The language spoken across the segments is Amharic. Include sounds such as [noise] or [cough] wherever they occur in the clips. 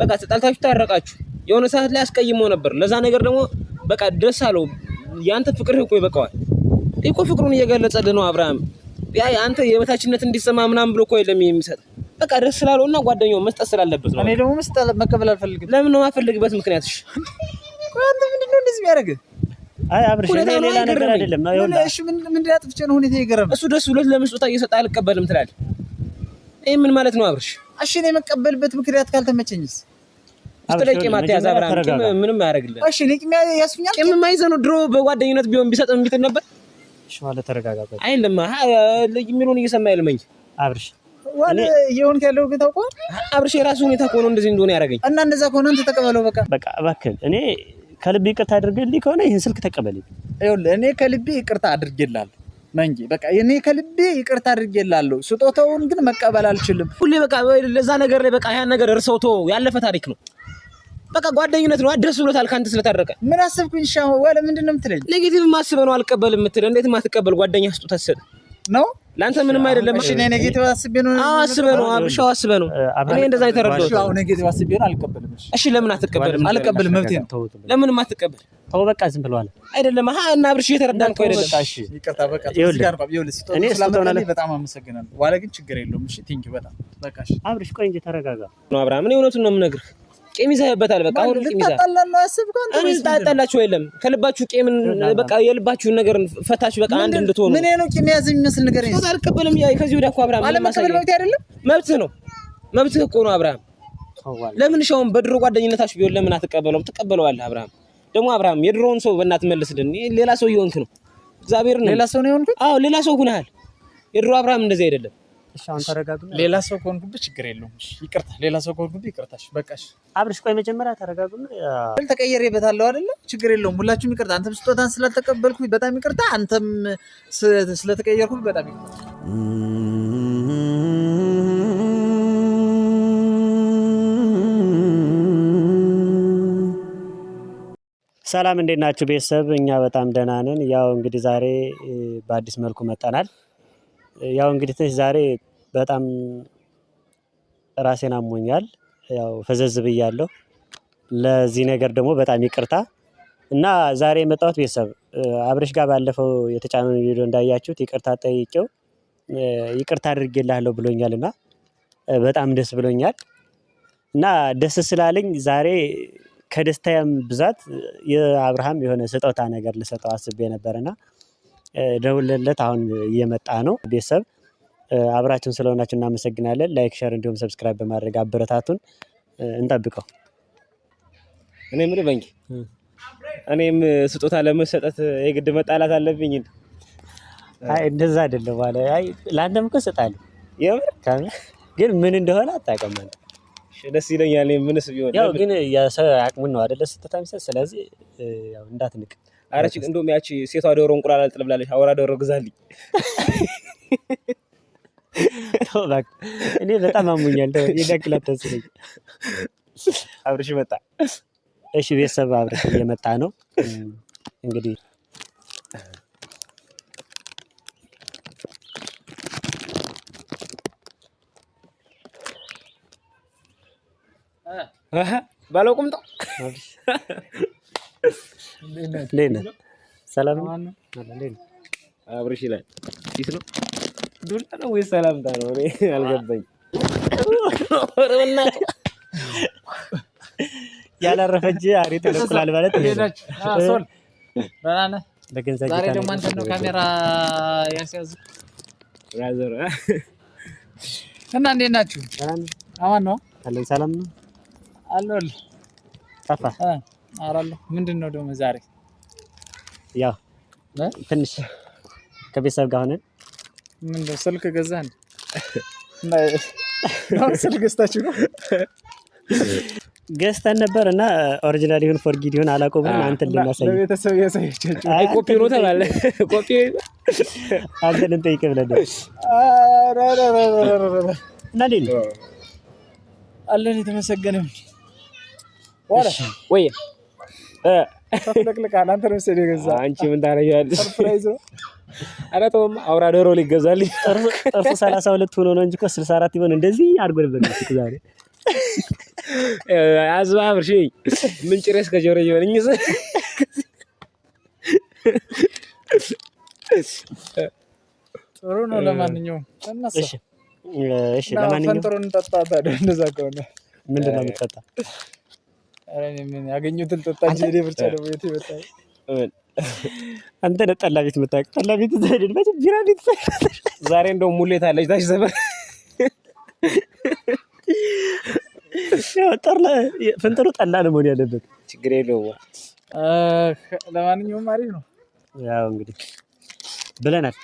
በቃ ተጣልታችሁ ታረቃችሁ። የሆነ ሰዓት ላይ አስቀይሞ ነበር። ለዛ ነገር ደግሞ በቃ ደስ አለው። ያንተ ፍቅር እኮ ይበቃዋል እኮ ፍቅሩን እየገለጸልህ ነው አብርሃም። ያ አንተ የበታችነት እንዲሰማ ምናምን ብሎ እኮ የለም የሚሰጥ በቃ ደስ ስላለው እና ጓደኛው መስጠት ስላለበት ነው። እኔ ደግሞ መስጠት መቀበል አልፈልግም። ለምን ነው የማፈልግበት? ምክንያት እሺ፣ አንተ ምንድን ነው እንደዚህ የሚያደርግ? አይ አብርሽ፣ እኔ ሌላ ነገር አይደለም። እሺ፣ ምን ምን አጥፍቼ ነው ሁኔታ የገረመ? እሱ ደስ ብሎት ለምን ስጦታ እየሰጠ አልቀበልም ትላለህ? ይህ ምን ማለት ነው አብርሽ? እሺ እኔ የመቀበልበት ምክንያት ካልተመቸኝስ ውስጥ ላይ ቂም አብርሃም። ቂም ምንም አያደርግልህም። እሺ እኔ ቂም ያስፈኛል። ቂም የማይዘህ ነው። ድሮ በጓደኝነት ቢሆን ቢሰጥ ቢጥል ነበር። እሺ ማለት ተረጋጋበት። አይልም የሚሉን እየሰማ ያልመኝ አብርሽ ዋለ የሆንክ ያለው ግን ታውቆ አብርሽ የራሱ ሁኔታ ከሆነ እንደዚህ እንደሆነ ያደረገኝ እና እንደዛ ከሆነ አንተ ተቀበለው። በቃ በቃ እባክህ እኔ ከልብ ይቅርታ አድርግልኝ ከሆነ ይህን ስልክ ተቀበልኝ። ይኸውልህ እኔ ከልቤ ይቅርታ አድርጌልሃለሁ መንጌ በቃ እኔ ከልቤ ይቅርታ አድርጌላለሁ። ስጦታውን ግን መቀበል አልችልም። ሁሌ በቃ ለዛ ነገር ላይ በቃ ያን ነገር እርሰውቶ ያለፈ ታሪክ ነው። በቃ ጓደኝነት ነው። አድረስ ብሎታል። ከአንተ ስለታረቀ ምን አስብኩኝ? ሻ ወለ ምንድን ነው የምትለኝ? ኔጌቲቭ ማስበ ነው አልቀበል የምትል እንዴት ማትቀበል ጓደኛ ስጦታ ሰጥ ነው። ለአንተ ምንም አይደለም። እሺ እኔ ኔጌቲቭ አስቤ ነው። አዎ አስበህ ነው አብሻው፣ አስበህ ነው። እኔ እንደዛ የተረዳሁት አሁን ኔጌቲቭ አስቤ ነው። አልቀበልም። እሺ ለምን አትቀበልም? አልቀበልም፣ መብቴ ነው። ለምንም አትቀበል። ተው በቃ ዝም ብለዋል። አይደለም አሃ እና አብርሽ እየተረዳን ነው አይደለም? እሺ ይቅርታ፣ በቃ ጋር ባብ ይወልስ እኔ ስለምናለኝ በጣም አመሰግናለሁ። ዋላ ግን ችግር የለውም። እሺ ቲንክ በጣም በቃ እሺ አብርሽ፣ ቆይ እንጂ ተረጋጋ ነው አብርሃም። እኔ እውነቱን ነው የምነግርህ ቂም ይዘህ በቃ አሁን ቂም ይዘህ ልታጣላችሁ የለም። ከልባችሁ ቂምን በቃ የልባችሁን ነገር ፈታችሁ በቃ አንድ እንድትሆኑ ምን ነው ቂም ያዝ የሚመስል ነገር ነው። አልቀበልም። ከዚህ ወደ እኮ አብርሃም አለመቀበል መብት አይደለም፣ መብት ነው። መብት እኮ ነው አብርሃም። ለምን ሻውን በድሮ ጓደኝነታችሁ ቢሆን ለምን አትቀበለውም? ትቀበለዋለህ አብርሃም። ደግሞ አብርሃም የድሮውን ሰው በእናትህ መልስልን። ሌላ ሰው እየሆንክ ነው። እግዚአብሔር ነው ሌላ ሰው ነው የሆንኩት። አዎ ሌላ ሰው ሁነሃል። የድሮ አብርሃም እንደዚህ አይደለም። ሌላ ሰው ከሆንኩብህ ችግር የለውም። ይቅርታ፣ ሌላ ሰው ከሆንኩብህ ይቅርታ። በቃሽ አብርሽ፣ ቆይ መጀመሪያ ተረጋጉና። ተቀየሬበታለሁ አይደለ? ችግር የለውም። ሁላችሁም ይቅርታ። አንተም ስጦታን ስላልተቀበልኩ በጣም ይቅርታ፣ አንተም ስለተቀየርኩ በጣም ይቅርታ። ሰላም፣ እንዴት ናችሁ ቤተሰብ? እኛ በጣም ደህና ነን። ያው እንግዲህ ዛሬ በአዲስ መልኩ መጠናል። ያው እንግዲህ ዛሬ በጣም ራሴን አሞኛል። ያው ፈዘዝ ብያለሁ። ለዚህ ነገር ደግሞ በጣም ይቅርታ እና ዛሬ የመጣሁት ቤተሰብ አብረሽ ጋር ባለፈው የተጫነውን ቪዲዮ እንዳያችሁት ይቅርታ ጠይቄው ይቅርታ አድርጌላለሁ ብሎኛል እና በጣም ደስ ብሎኛል። እና ደስ ስላለኝ ዛሬ ከደስታዬም ብዛት የአብርሃም የሆነ ስጦታ ነገር ልሰጠው አስቤ ነበር እና ደውለለት አሁን እየመጣ ነው ቤተሰብ አብራችሁን ስለሆናችሁ እናመሰግናለን። ላይክ፣ ሸር እንዲሁም ሰብስክራይብ በማድረግ አበረታቱን። እንጠብቀው። እኔ ምን በንኪ እኔም ስጦታ ለመሰጠት የግድ መጣላት አለብኝ? አይ እንደዛ አይደለም ባለ። አይ ለአንተም እኮ እሰጣለሁ፣ ግን ምን እንደሆነ አታውቅም። ደስ ይለኛል። ምንስ ቢሆን ያው ግን አቅሙን ነው አይደለ ስጦታ የሚሰጥ። ስለዚህ ያው እንዳትንቅ። አረች እንደውም ያቺ ሴቷ ዶሮ እንቁላል አልጥልብላለች። አውራ ዶሮ ግዛልኝ። እኔ በጣም አሞኛል። የዳክላት ተስለኝ አብርሽ መጣ። እሺ ቤተሰብ አብርሽ እየመጣ ነው። እንግዲህ ባለው ቁምጣ ሰላም አብርሽ ይላል ፊት ነው ዱላ ነው ወይ ሰላምታ ነው? እኔ አልገባኝ። ያላረፈች አሪ ተለኩላል ማለት ዛሬ ደግሞ እና እንዴት ናችሁ? አማን ነው አለኝ። ሰላም ነው አለል ጠፋ አራለሁ። ምንድን ነው ደግሞ ዛሬ ያው ትንሽ ከቤተሰብ ጋር ሆነን ምን ነው ስልክ ገዛን? [laughs] ስልክ ገዝታችሁ ነው? ገዝተን ነበር እና ኦሪጂናል ይሁን ፎርጊድ ይሁን አላቆም አንተን ልናሳይ ቤተሰብ ያሳየቻቸው። አይ ኮፒ ነው ተባለ። ኮፒ አንተን እንጠይቅ ብለን እና እንዴት ነው አለን። የተመሰገነ ወይ ተፍለቅልቃል። አንተ ነው የገዛህ። አንቺ ምን ታረጊያለሽ? ሰርፕራይዝ ነው ኧረ ተውም አውራ ዶሮ ሊገዛልኝ ጥርሱ ሰላሳ ሁለት ሆኖ ነው እንጂ እኮ ስልሳ አራት ይሆን እንደዚህ አድርጎ ነበር ዛሬ አዝባብ እሺ ምን ጭሬስ ከጆሮ ይሆን ጥሩ ነው። ለማንኛውም እሺ፣ እሺ፣ ለማንኛውም ጥሩ እንደዛ ከሆነ ምንድን ነው የምትጠጣ? ያገኙትን ጠጣ እንጂ እኔ ደግሞ የት ይመጣል? አንተ ነህ ጠላ ቤት የምታውቅ ጠላ ቤት ዘሄድን ቢራ ቤት ዛሬ እንደው ሙሌት አለች ታች ዘመን ፍንጥሩ ጠላ ነው መሆን ያለበት። ችግር የለውም። ለማንኛውም አሪፍ ነው። ያው እንግዲህ ብለናል።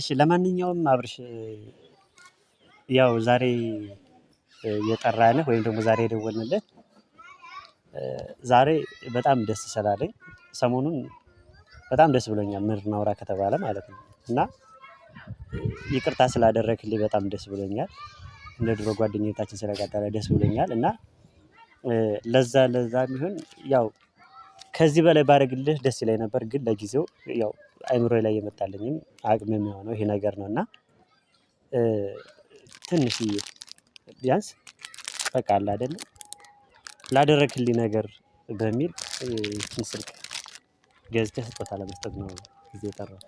እሺ፣ ለማንኛውም አብርሽ ያው ዛሬ የጠራንህ ወይም ደግሞ ዛሬ የደወልንልህ ዛሬ በጣም ደስ ስላለኝ ሰሞኑን በጣም ደስ ብሎኛል ምር ናውራ ከተባለ ማለት ነው። እና ይቅርታ ስላደረክልኝ በጣም ደስ ብሎኛል። እንደ ድሮ ጓደኝነታችን ስለቀጠለ ደስ ብሎኛል። እና ለዛ ለዛ የሚሆን ያው ከዚህ በላይ ባደርግልህ ደስ ይለኝ ነበር፣ ግን ለጊዜው ያው አይምሮ ላይ የመጣለኝም አቅም የሚሆነው ይሄ ነገር ነው እና ትንሽ ቢያንስ በቃ አለ አይደለ ላደረክልኝ ነገር በሚል ስልክ ገዝተህ ስጦታ ለመስጠት ነው ጊዜ የጠራሁት።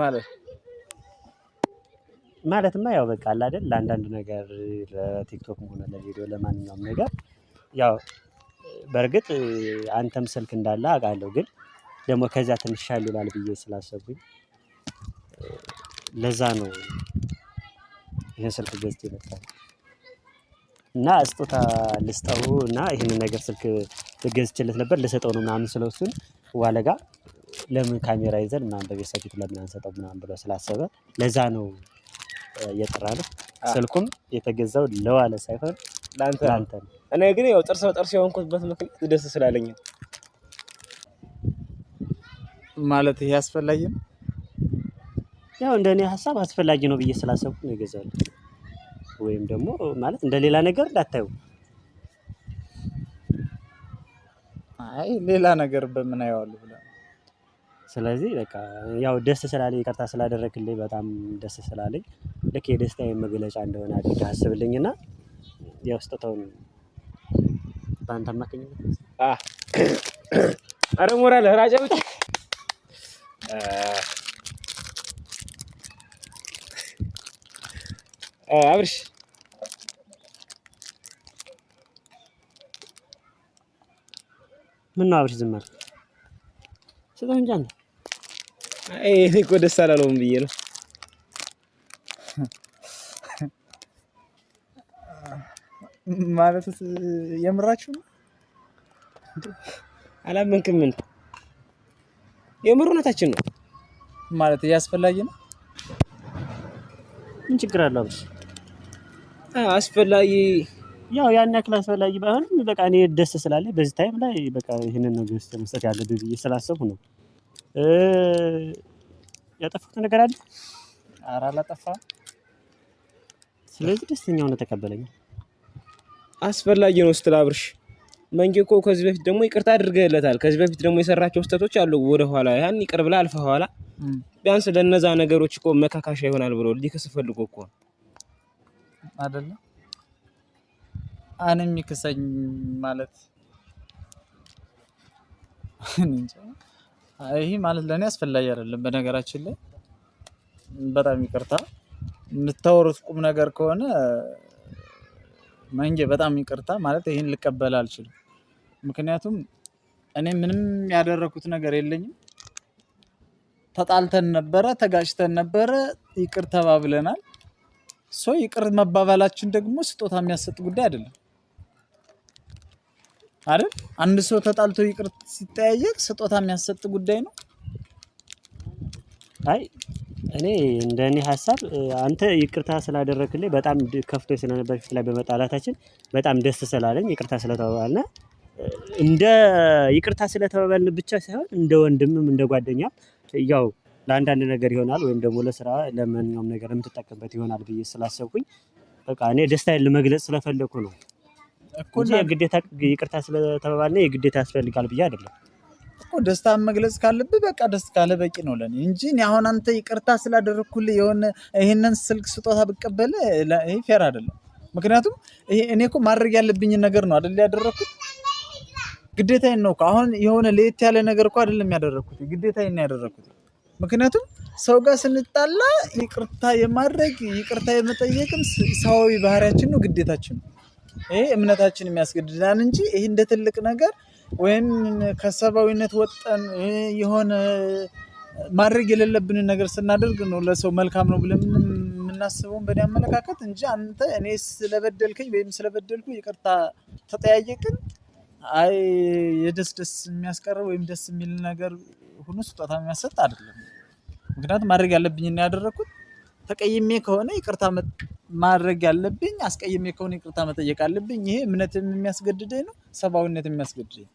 ማለት ማለትማ ያው በቃ አለ አይደል ለአንዳንድ ነገር ለቲክቶክ ሆነ ለቪዲዮ ለማንኛውም ነገር ያው በእርግጥ አንተም ስልክ እንዳለ አውቃለሁ፣ ግን ደግሞ ከዚያ ትንሽ ሻል ይላል ብዬ ስላሰብኩኝ ለዛ ነው ይህን ስልክ ገዝቼ የመጣሁት። እና ስጦታ ልስጠው እና ይህን ነገር ስልክ ገዝቼለት ነበር ልሰጠው ነው ምናምን ስለው እሱን ዋለጋ ለምን ካሜራ ይዘን ምናምን በቤተሰብ ፊት ለምን አንሰጠው ምናምን ብሎ ስላሰበ ለዛ ነው ነው። ስልኩም የተገዛው ለዋለ ሳይሆን ለአንተ ነው። እኔ ግን ያው ጥርስ በጥርስ የሆንኩበት ምክንያት ደስ ስላለኝ ማለት ይሄ አስፈላጊ ነው። ያው እንደኔ ሀሳብ አስፈላጊ ነው ብዬ ስላሰብኩ ነው የገዛሁት። ወይም ደግሞ ማለት እንደ ሌላ ነገር እንዳታዩ። አይ ሌላ ነገር በምን አየዋለሁ ብለህ ስለዚህ በቃ ያው ደስ ስላለኝ ይቅርታ ስላደረግልኝ በጣም ደስ ስላለኝ ልክ የደስታ መግለጫ እንደሆነ አድርገህ አስብልኝ እና ያው ስጦታውን በአንተ አማካኝነት አረ ሞራል ራጫ አብርሽ ምን ነው አብርሽ ዝም አልክ? ስጠው እንጂ አንተ። አይ እኔ እኮ ደስ አላለውም ብዬ ነው። ማለት የምራችሁ ነው? አላመንክም? ምን የምር ነው ማለት ያስፈላጊ ነው። ምን ችግር አለው አብርሽ? አስፈላጊ ያው ያን ያክል አስፈላጊ ባይሆንም በቃ እኔ ደስ ስላለኝ በዚህ ታይም ላይ በቃ ይሄንን ነው ገዝቼ መስጠት ያለብኝ ብዬ ስላሰብኩ ነው። ያጠፋሁት ነገር አለ? ኧረ አላጠፋህም። ስለዚህ ደስተኛ ሆነ ተቀበለኝ። አስፈላጊ ነው ስትል አብርሽ መንጌ እኮ ከዚህ በፊት ደግሞ ይቅርታ አድርገህለታል። ከዚህ በፊት ደግሞ የሰራቸው ስህተቶች አሉ ወደኋላ ያን ይቅር ብላ አልፈ ኋላ ቢያንስ ለነዛ ነገሮች እኮ መካካሻ ይሆናል ብሎ ሊከስ ፈልጎ እኮ አይደለ? አንም ይክሰኝ ማለት ይህ ማለት ለእኔ አስፈላጊ አይደለም። በነገራችን ላይ በጣም ይቅርታ የምታወሩት ቁም ነገር ከሆነ መንጌ በጣም ይቅርታ ማለት ይህን ልቀበል አልችልም። ምክንያቱም እኔ ምንም ያደረኩት ነገር የለኝም። ተጣልተን ነበረ፣ ተጋጭተን ነበረ፣ ይቅር ተባብለናል። ሰው ይቅር መባባላችን ደግሞ ስጦታ የሚያሰጥ ጉዳይ አይደለም አይደል? አንድ ሰው ተጣልቶ ይቅር ሲጠያየቅ ስጦታ የሚያሰጥ ጉዳይ ነው። አይ እኔ እንደ እኔ ሀሳብ አንተ ይቅርታ ስላደረክልኝ በጣም ከፍቶ ስለነበር ፊት ላይ በመጣላታችን በጣም ደስ ስላለኝ ይቅርታ ስለተባባልና እንደ ይቅርታ ስለተባባልን ብቻ ሳይሆን እንደ ወንድምም እንደ ጓደኛም ያው ለአንዳንድ ነገር ይሆናል ወይም ደግሞ ለስራ ለማንኛውም ነገር የምትጠቀምበት ይሆናል ብዬ ስላሰብኩኝ በቃ እኔ ደስታዬን ለመግለጽ ስለፈለኩ ነው እንጂ የግዴታ ይቅርታ ስለተባባልን የግዴታ ያስፈልጋል ብዬ አይደለም እኮ ደስታን መግለጽ ካለብህ በቃ ደስ ካለ በቂ ነው ለኔ እንጂ አሁን አንተ ይቅርታ ስላደረግኩልህ የሆነ ይህንን ስልክ ስጦታ ብቀበል ይሄ ፌር አይደለም። ምክንያቱም እኔ እኮ ማድረግ ያለብኝን ነገር ነው አይደል ያደረግኩት፣ ግዴታዬን ነው። አሁን የሆነ ለየት ያለ ነገር እኮ አይደለም ያደረግኩት፣ ግዴታዬን ነው ያደረግኩት። ምክንያቱም ሰው ጋር ስንጣላ ይቅርታ የማድረግ ይቅርታ የመጠየቅም ሰዋዊ ባህሪያችን ነው፣ ግዴታችን ነው። ይሄ እምነታችን የሚያስገድዳን እንጂ ይህ እንደ ትልቅ ነገር ወይም ከሰብአዊነት ወጠን የሆነ ማድረግ የሌለብንን ነገር ስናደርግ ነው ለሰው መልካም ነው ብለን የምናስበውን በእኔ አመለካከት እንጂ አንተ እኔ ስለበደልከኝ ወይም ስለበደልኩ ይቅርታ ተጠያየቅን፣ አይ የደስ ደስ የሚያስቀርብ ወይም ደስ የሚል ነገር ሁኑ ስጦታ የሚያሰጥ አይደለም። ምክንያቱም ማድረግ ያለብኝና ያደረግኩት ተቀይሜ ከሆነ ይቅርታ ማድረግ ያለብኝ፣ አስቀይሜ ከሆነ ይቅርታ መጠየቅ አለብኝ። ይሄ እምነትም የሚያስገድደኝ ነው፣ ሰብአዊነት የሚያስገድደኝ ነው።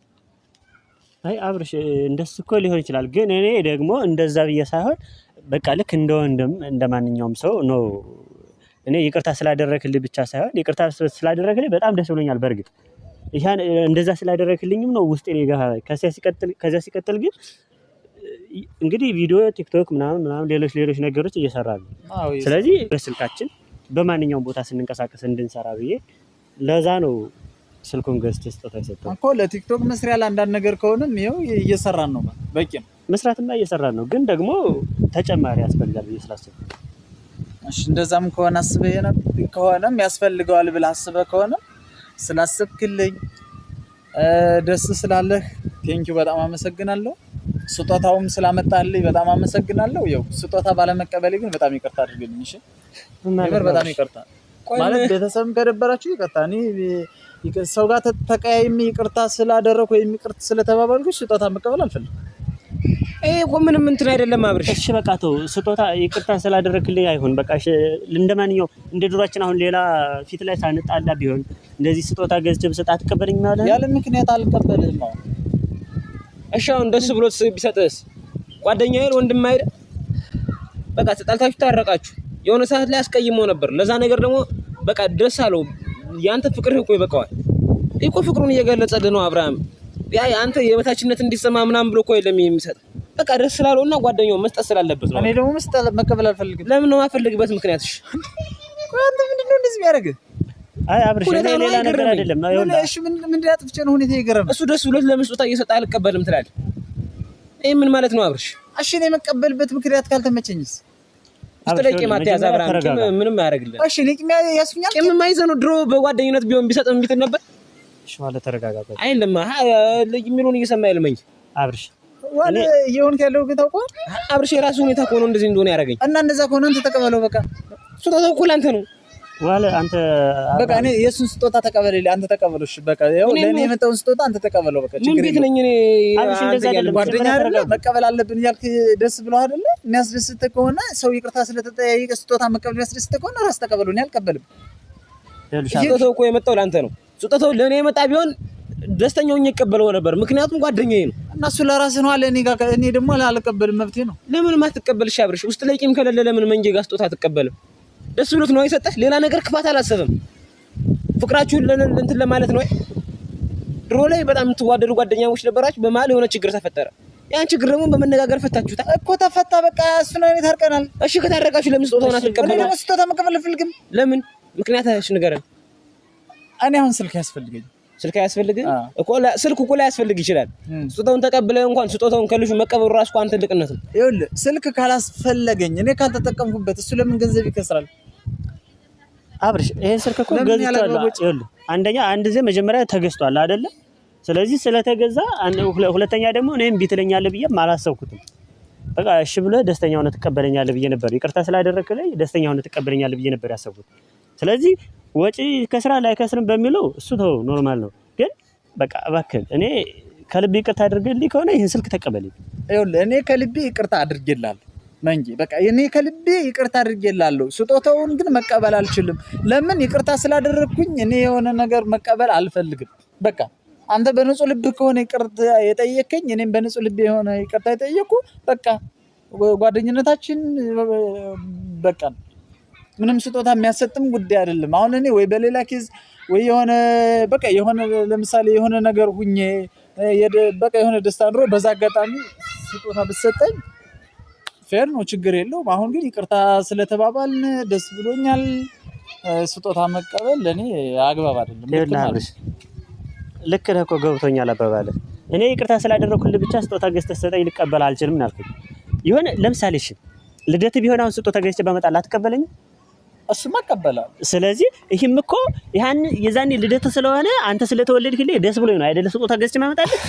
አይ አብርሽ፣ እንደሱ እኮ ሊሆን ይችላል፣ ግን እኔ ደግሞ እንደዛ ብዬ ሳይሆን በቃ ልክ እንደ ወንድም እንደ ማንኛውም ሰው ነው። እኔ ይቅርታ ስላደረክልኝ ብቻ ሳይሆን ይቅርታ ስላደረክልኝ በጣም ደስ ብሎኛል። በእርግጥ ይህን እንደዛ ስላደረክልኝም ነው ውስጤ ገፋ ከዚያ ሲቀጥል ግን እንግዲህ ቪዲዮ፣ ቲክቶክ ምናምን ምናምን ሌሎች ሌሎች ነገሮች ነው። ስለዚህ በስልካችን በማንኛውም ቦታ ስንንቀሳቀስ እንድንሰራ ብዬ ለዛ ነው ስልኩን ገዝቼ ስጦታ የሰጠው እኮ ለቲክቶክ መስሪያ ለአንዳንድ ነገር ከሆነም ይኸው እየሰራን ነው። በቂ ነው መስራትና እየሰራን ነው። ግን ደግሞ ተጨማሪ ያስፈልጋል ብዬ ስላስብ እንደዛም ከሆነ አስበህ ከሆነም ያስፈልገዋል ብለህ አስበህ ከሆነም ስላስብክልኝ ደስ ስላለህ ቴንኪው በጣም አመሰግናለሁ። ስጦታውም ስላመጣልኝ በጣም አመሰግናለሁ። ያው ስጦታ ባለመቀበሌ ግን በጣም ይቅርታ አድርግልኝ። እሺ ምር በጣም ይቅርታ ማለት ቤተሰብ ከደበራችሁ ይቅርታ። እኔ ሰው ጋር ተቀያይሚ ይቅርታ ስላደረኩ ወይም ይቅርታ ስለተባባልኩ ስጦታ መቀበል አልፈልግም። ይሄ እኮ ምንም እንትን አይደለም አብርሽ። እሺ በቃ ተው፣ ስጦታ ይቅርታ ስላደረክልኝ አይሆን በቃ እሺ። እንደማንኛው እንደ ድሯችን አሁን ሌላ ፊት ላይ ሳንጣላ ቢሆን እንደዚህ ስጦታ ገዝቼ ብሰጥ አትቀበልኝ ማለት ያለ ምክንያት አልቀበልም አሁን እሺ አሁን ደስ ብሎ ቢሰጥስ ጓደኛ ይል ወንድም አይደል? በቃ ተጣልታችሁ ታረቃችሁ። የሆነ ሰዓት ላይ አስቀይሞ ነበር። ለዛ ነገር ደግሞ በቃ ደስ አለው። ያንተ ፍቅርህ እኮ ይበቃዋል። እኮ ፍቅሩን እየገለጸልህ ነው አብርሃም። ያ አንተ የበታችነት እንዲሰማ ምናምን ብሎ እኮ የለም የሚሰጥ በቃ ደስ ስላለውና ጓደኛው መስጠት ስላለበት ነው። እኔ ደግሞ መስጠት መቀበል አልፈልግም። ለምን ነው የማፈልግበት ምክንያት? እሺ አንተ ምንድን ነው እንደዚህ የሚያደርግህ? አይ አብርሽ፣ እኔ ሌላ ነገር አይደለም። እሺ ምን ምን አጥፍቼ ነው ሁኔታ የገረመህ? እሱ ደስ ብሎት ለምስጦታ ስጦታ እየሰጠ አልቀበልም ትላለህ? ይሄ ምን ማለት ነው አብርሽ? እሺ እኔ የምቀበልበት ምክንያት ካልተመቸኝስ አብርሽ ማትያዝ አብርሃም ምንም አያደርግልህም። እሺ እኔ ቂም ያስኛል። ቂም የማይዘህ ነው። ድሮ በጓደኝነት ቢሆን ቢሰጥ ቢትል ነበር። እሺ ማለት ተረጋጋ። አይልም የሚሉን እየሰማህ አይልመኝ አብርሽ ዋለ የሆንክ ያለው ግን ታውቀዋለህ አብርሽ። የራሱ ሁኔታ ከሆነ እንደዚህ እንደሆነ ያደርገኝ እና እንደዛ ከሆነ አንተ ተቀበለው በቃ። ስጦታው እኮ ላንተ ነው። ዋለ አንተ በቃ እኔ የእሱን ስጦታ ተቀበለ፣ አንተ ተቀበለው። እሺ በቃ ያው ለኔ የመጣውን ስጦታ አንተ ተቀበለው። በቃ ችግር የለም። ነኝ እኔ ጓደኛ አይደለ መቀበል አለብን እያልክ ደስ ብለው አይደለ? የሚያስደስትህ ከሆነ ሰው ይቅርታ ስለተጠያየቀ ስጦታ መቀበል የሚያስደስትህ ከሆነ ራስ ተቀበለው። እኔ አልቀበልም። ስጦታው እኮ የመጣው ለአንተ ነው። ስጦታው ለኔ የመጣ ቢሆን ደስተኛው ይቀበለው ነበር፣ ምክንያቱም ጓደኛዬ ነው። እነሱ ለራስህ ነው አለ እኔ ጋር እኔ ደግሞ አልቀበልም። መብቴ ነው። ለምን ማትቀበልሽ? አብርሽ ውስጥ ላይ ቂም ከሌለ ለምን መንጌ ጋር ስጦታ አትቀበልም? ደስ ብሎት ነው የሰጠህ። ሌላ ነገር ክፋት አላሰበም። ፍቅራችሁን እንትን ለማለት ነው። ድሮ ላይ በጣም የምትዋደዱ ጓደኛሞች ነበራችሁ። በመሀል የሆነ ችግር ተፈጠረ። ያን ችግር ደግሞ በመነጋገር ፈታችሁ እኮ ተፈታ። በቃ እሱ ነው ታርቀናል። እሺ ከታረቃችሁ ለምን ስጦታውን አትቀበሉ? እኔ ደግሞ ስጦታ መቀበል ፍልግም። ለምን? ምክንያት ምክንያትሽ ንገረን። እኔ አሁን ስልክ ያስፈልገኝ ስልክ አያስፈልግም እኮ ስልክ እኮ ላይ ያስፈልግ ይችላል። ስጦታውን ተቀብለ እንኳን ስጦታውን ከልጁ መቀበሉ ራሱ እንኳን ትልቅነት ነው። ይኸውልህ ስልክ ካላስፈለገኝ እኔ ካልተጠቀምኩበት እሱ ለምን ገንዘብ ይከስራል? አብርሽ ይሄ ስልክ እኮ ገዝቷል። አንደኛ አንድ ዜ መጀመሪያ ተገዝቷል አይደለ? ስለዚህ ስለተገዛ፣ ሁለተኛ ደግሞ እኔም ቢትለኛለ ብዬ አላሰብኩትም። በቃ እሺ ብለ ደስተኛ ሆነ ትቀበለኛለህ ብዬ ነበር። ይቅርታ ስላደረክ ላይ ደስተኛ ሆነ ትቀበለኛለህ ብዬ ነበር ያሰብኩት። ስለዚህ ወጪ ከስራ ላይ ከስርም በሚለው እሱ ተው ኖርማል ነው። ግን በቃ እባክህን እኔ ከልቤ ይቅርታ አድርግልኝ ከሆነ ይህን ስልክ ተቀበልኝ። እኔ ከልቤ ይቅርታ አድርጌልሃል መንጌ በቃ እኔ ከልቤ ይቅርታ አድርጌላለሁ። ስጦታውን ግን መቀበል አልችልም። ለምን ይቅርታ ስላደረግኩኝ እኔ የሆነ ነገር መቀበል አልፈልግም። በቃ አንተ በንጹህ ልብ ከሆነ ይቅርታ የጠየከኝ እኔም በንጹህ ልብ የሆነ ይቅርታ የጠየኩ በቃ ጓደኝነታችን በቃ ምንም ስጦታ የሚያሰጥም ጉዳይ አይደለም። አሁን እኔ ወይ በሌላ ኬዝ ወይ የሆነ በቃ የሆነ ለምሳሌ የሆነ ነገር ሁኜ በቃ የሆነ ደስታ ኑሮ በዛ አጋጣሚ ስጦታ ብትሰጠኝ ፌር ነው፣ ችግር የለውም። አሁን ግን ይቅርታ ስለተባባልን ደስ ብሎኛል። ስጦታ መቀበል ለእኔ አግባብ አይደለም። ልክ ነህ እኮ ገብቶኛል አባባል። እኔ ይቅርታ ስላደረኩልህ ብቻ ስጦታ ገዝተህ ስጠኝ ልቀበል አልችልም አልኩኝ። ይሆን ለምሳሌ እሺ፣ ልደት ቢሆን አሁን ስጦታ ገዝቼ በመጣል አትቀበለኝ? እሱማ እቀበላለሁ። ስለዚህ ይህም እኮ ያን የዛኔ ልደት ስለሆነ አንተ ስለተወለድክልኝ ደስ ብሎኝ ነው አይደለ ስጦታ ገዝቼ ማመጣልህ።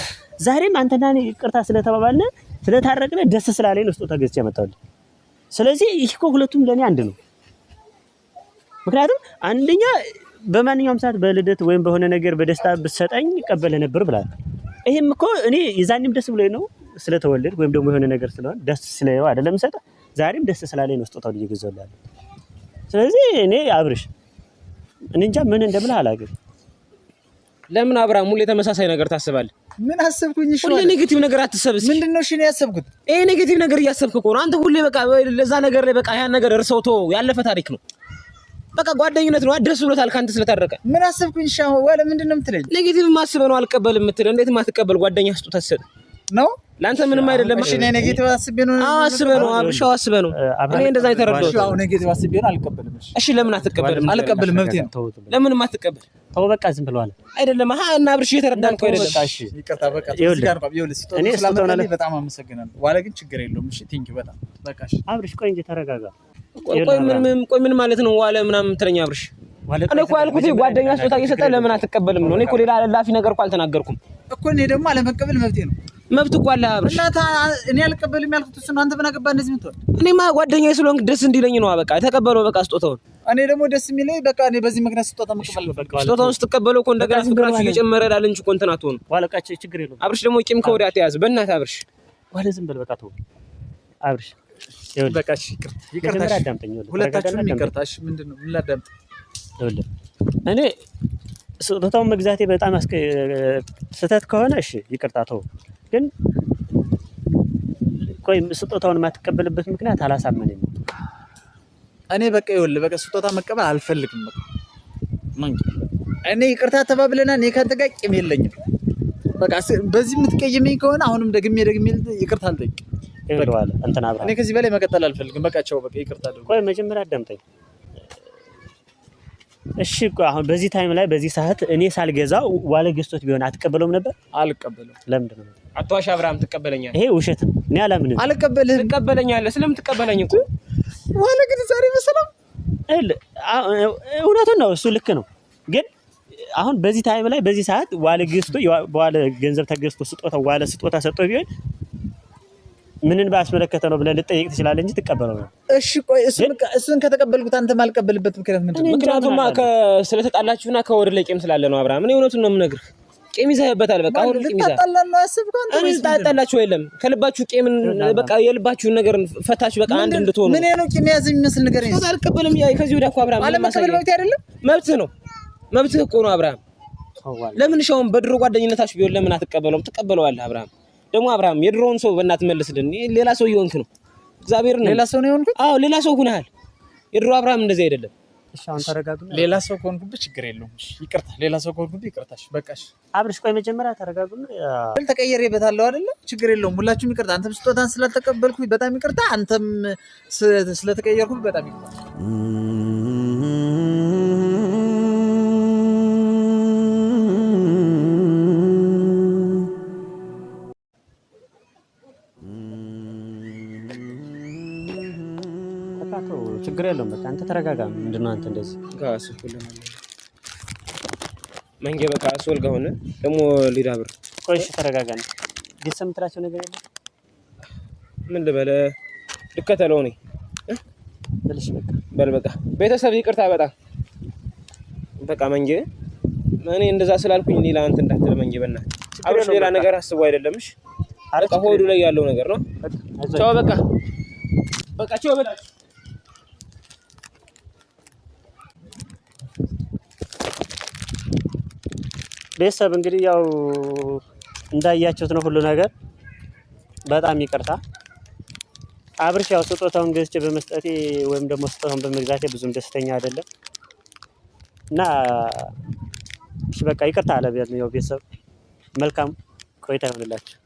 ዛሬም አንተና ይቅርታ ስለተባባልን ስለታረቅነ ደስ ስላለኝ ነው ስጦታ ገዝቼ ያመጣሁልህ። ስለዚህ ይህ እኮ ሁለቱም ለእኔ አንድ ነው። ምክንያቱም አንደኛ በማንኛውም ሰዓት በልደት ወይም በሆነ ነገር በደስታ ብትሰጠኝ ይቀበለ ነበር ብላል። ይሄም እኮ እኔ የዛኔም ደስ ብሎኝ ነው ስለተወለድ ወይም ደግሞ የሆነ ነገር ስለሆነ ደስ ስለየው አይደለም ሰጠ። ዛሬም ደስ ስላለኝ ነው ስጦታውን እየገዛሁልሃለሁ። ስለዚህ እኔ አብርሽ እንጃ ምን እንደምልህ አላውቅም። ለምን አብርሃም ሁሌ ተመሳሳይ ነገር ታስባለህ? ምን አሰብኩኝ? እሺ ሁሌ ኔጌቲቭ ነገር አትሰብስ። ምንድን ነው እሺ ነው ያሰብኩት? ይሄ ኔጌቲቭ ነገር እያሰብክ እኮ ነው አንተ ሁሌ። በቃ ለዛ ነገር ላይ በቃ ያን ነገር እርሰው ተወው፣ ያለፈ ታሪክ ነው። በቃ ጓደኝነት ነው። አደስ ብሎታል ከአንተ ስለታረቀ። ምን አሰብኩኝ? እሺ አሁን ወለ ምንድን ነው የምትለኝ? ኔጌቲቭ ማስበህ ነው አልቀበልም የምትለው። እንዴት ማትቀበል ጓደኛ ስጡ ሰጥ ነው ለአንተ ምንም አይደለም። እሺ እኔ ኔጌቲቭ አስቤ ነው። አዎ አስበህ ነው። አብሻው አስበህ ነው። እኔ እንደዛ የተረዳሁት። አዎ ኔጌቲቭ አስቤ ነው። አልቀበልም። እሺ ለምን አትቀበልም? አልቀበልም መብቴ ነው። ለምንም አትቀበል ተው በቃ ዝም ብለዋል። አይደለም አሃ እና አብርሽ እየተረዳን ነው። አይደለም በቃ እሺ፣ ይቅርታ በቃ ጋር ባብ ይወልስ እኔ ስለማለኝ በጣም አመሰግናለሁ። ዋለ ግን ችግር የለውም። እሺ ቲንክ በጣም በቃ እሺ። አብርሽ ቆይ እንጂ ተረጋጋ። ቆይ ምን ምን ቆይ ምን ማለት ነው ዋለ ምናምን የምትለኝ አብርሽ? እኔ እኮ ያልኩት ጓደኛ ስጦታ እየሰጠ ለምን አትቀበልም ነው። እኔ እኮ ሌላ ላፊ ነገር እኮ አልተናገርኩም እኮ። እኔ ደግሞ አለመቀበል መብቴ ነው መብት እኮ አለ አብርሽ። እኔ አልቀበልም ያልኩት እሱን አንተ ምን አገባህ? እንደዚህ ምትሆን እኔማ ጓደኛዬ ስለሆንክ ደስ እንዲለኝ ነው። በቃ ተቀበለው፣ በቃ ስጦታውን። እኔ ደግሞ ደስ የሚለኝ በቃ እኔ በዚህ ምክንያት ስጦታ መቀበል ስጦታውን ስትቀበለው እኮ እንደገና ፍቅራችሁ እየጨመረ ዳል እንጂ እኮ እንትን አትሆኑ። ዋለቃቸው ችግር የለውም። አብርሽ ደግሞ ቂም ከወዲያ ተያዝ። በእናትህ አብርሽ ዋለ፣ ዝም በል በቃ ተው አብርሽ። በቃ ይቅርታ፣ አዳምጠኝ። ሁለታችሁም ይቅርታ። ምንድን ነው ምን ላዳምጥ? እኔ ስጦታውን መግዛቴ በጣም ስህተት ከሆነ እሺ፣ ይቅርታ ተው ግን ቆይ ስጦታውን የማትቀበልበት ምክንያት አላሳመነኝ። እኔ በቃ ይኸውልህ በቃ ስጦታ መቀበል አልፈልግም። እኔ ይቅርታ ተባብለና እኔ ከአንተ ጋር ቂም የለኝም። በቃ በዚህ የምትቀይመኝ ከሆነ አሁንም ደግሜ ደግሜ ይቅርታ አልጠይቅም። እኔ ከዚህ በላይ መቀጠል አልፈልግም። በቃ ቻው፣ በቃ ይቅርታ። ቆይ መጀመሪያ አዳምጠኝ እሺ እኮ አሁን በዚህ ታይም ላይ በዚህ ሰዓት እኔ ሳልገዛ ዋለ ገዝቶት ቢሆን አትቀበለውም ነበር? አልቀበለውም። ለምንድን ነው? አትዋሽ አብርሃም፣ ትቀበለኛለህ። ይሄ ውሸት ነው። እኔ አላምንም። አልቀበልህም። ትቀበለኛለህ። ስለምትቀበለኝ እኮ ዋለ ግን ዛሬ በሰላም እውነቱን ነው። እሱ ልክ ነው። ግን አሁን በዚህ ታይም ላይ በዚህ ሰዓት ዋለ ገዝቶ በዋለ ገንዘብ ተገዝቶ ስጦታ ዋለ ስጦታ ሰጥቶ ቢሆን ምንን ባስመለከተ ነው ብለህ ልጠይቅ ትችላለህ እንጂ ትቀበለው ነው። እሺ ቆይ እሱን ከተቀበልኩት አንተ ማልቀበልበት ምክንያት ምንድን ነው? ምክንያቱም ስለተጣላችሁና ከወደ ላይ ቄም ስላለ ነው። አብርሃም እኔ እውነቱን ነው የምነግርህ። ቄም ይዘህበታል። በቃ አሁን ቄም ይዘህ ልታጣላችሁ የለም። ከልባችሁ ቄም በቃ የልባችሁን ነገር ፈታችሁ በቃ አንድ እንድትሆኑ ምን ነው ቄም የያዘ የሚመስል ነገር አልቀበልም። ከዚህ ወዲያ እኮ አብርሃም አለመቀበል መብት አይደለም፣ መብትህ ነው። መብትህ እኮ ነው አብርሃም። ለምን ሻውን በድሮ ጓደኝነታችሁ ቢሆን ለምን አትቀበለውም? ትቀበለዋለህ አብርሃም ደግሞ አብርሃም የድሮውን ሰው በእናት መልስልን። ሌላ ሰው እየሆንክ ነው። እግዚአብሔር ነው። ሌላ ሰው ነው የሆንኩት። አዎ ሌላ ሰው ሆነሃል። የድሮ አብርሃም እንደዚህ አይደለም። ሌላ ሰው ከሆንኩብህ ችግር የለውም። ይቅርታ፣ ሌላ ሰው ከሆንኩብህ ይቅርታ። በቃሽ አብርሽ፣ ቆይ መጀመሪያ ተረጋግም። ተቀየሬበታለሁ አይደለ? ችግር የለውም። ሁላችሁም ይቅርታ። አንተም ስጦታን ስላልተቀበልኩ በጣም ይቅርታ። አንተም ስለተቀየርኩ በጣም ይቅርታ። ችግር የለውም። በቃ አንተ ተረጋጋ። ምንድን ነው አንተ እንደዚህ መንጌ በቃ አስወል ሆነ ደግሞ ሊዳብር ቆይሽ፣ ተረጋጋ። ግልጽ የምትላቸው ነገር የለም። ምን ልበለ? ልከተለው ነኝ ብልሽ በቃ በል በቃ ቤተሰብ ይቅርታ። በጣም በቃ መንጌ እኔ እንደዛ ስላልኩኝ ሌላ አንተ እንዳትል መንጌ፣ በና አብሮሽ ሌላ ነገር አስቦ አይደለምሽ። እሺ ሆዱ ላይ ያለው ነገር ነው። ቻው በቃ በቃ ቻው በላችሁ ቤተሰብ እንግዲህ ያው እንዳያችሁት ነው ሁሉ ነገር። በጣም ይቅርታ አብርሽ፣ ያው ስጦታውን ገዝቼ በመስጠቴ ወይም ደግሞ ስጦታውን በመግዛቴ ብዙም ደስተኛ አይደለም እና እሺ በቃ ይቅርታ አለ ያው ቤተሰብ። መልካም ቆይታ ይሆንላችሁ።